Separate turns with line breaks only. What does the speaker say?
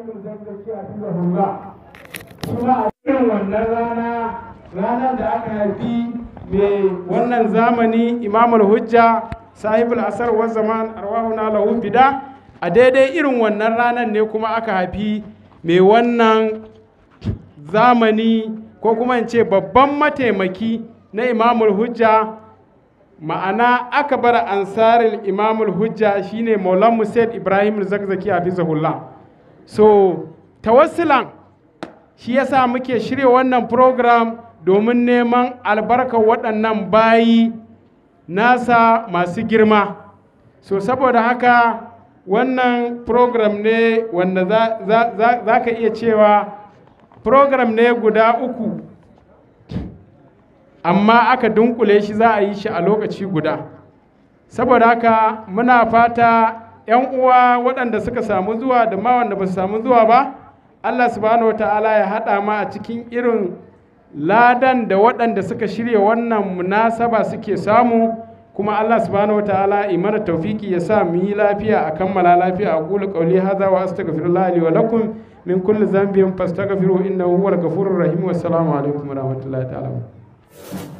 kuma
a irin wannan rana ranar da aka haifi mai wannan zamani imamul hujja sahibul asar wa zaman arwahuna lahu bida a daidai irin wannan ranar ne kuma aka haifi mai wannan zamani ko kuma in ce babban mataimaki na imamul hujja ma'ana aka bar ansarin imamul hujja shine maulan musaid ibrahim zakzaki a hula so tawassulan shi yasa muke shirya wannan program domin neman albarkar waɗannan bayi nasa masu girma so saboda haka wannan program ne wanda za ka iya cewa program ne guda uku amma aka dunkule shi za a yi shi a lokaci guda saboda haka muna fata 'yan uwa waɗanda suka samu zuwa da ma wanda ba su samu zuwa ba Allah subhanahu wa ta'ala ya haɗa ma a cikin irin ladan da waɗanda suka shirya wannan munasaba suke samu kuma Allah subhanahu wa ta'ala imana taufiki ya sa mu yi lafiya a kammala lafiya a kula kauli haza wa astaghfirullah li wa lakum min kulli dhanbin fastaghfiruhu innahu huwal ghafurur rahim wassalamu alaikum wa rahmatullahi ta'ala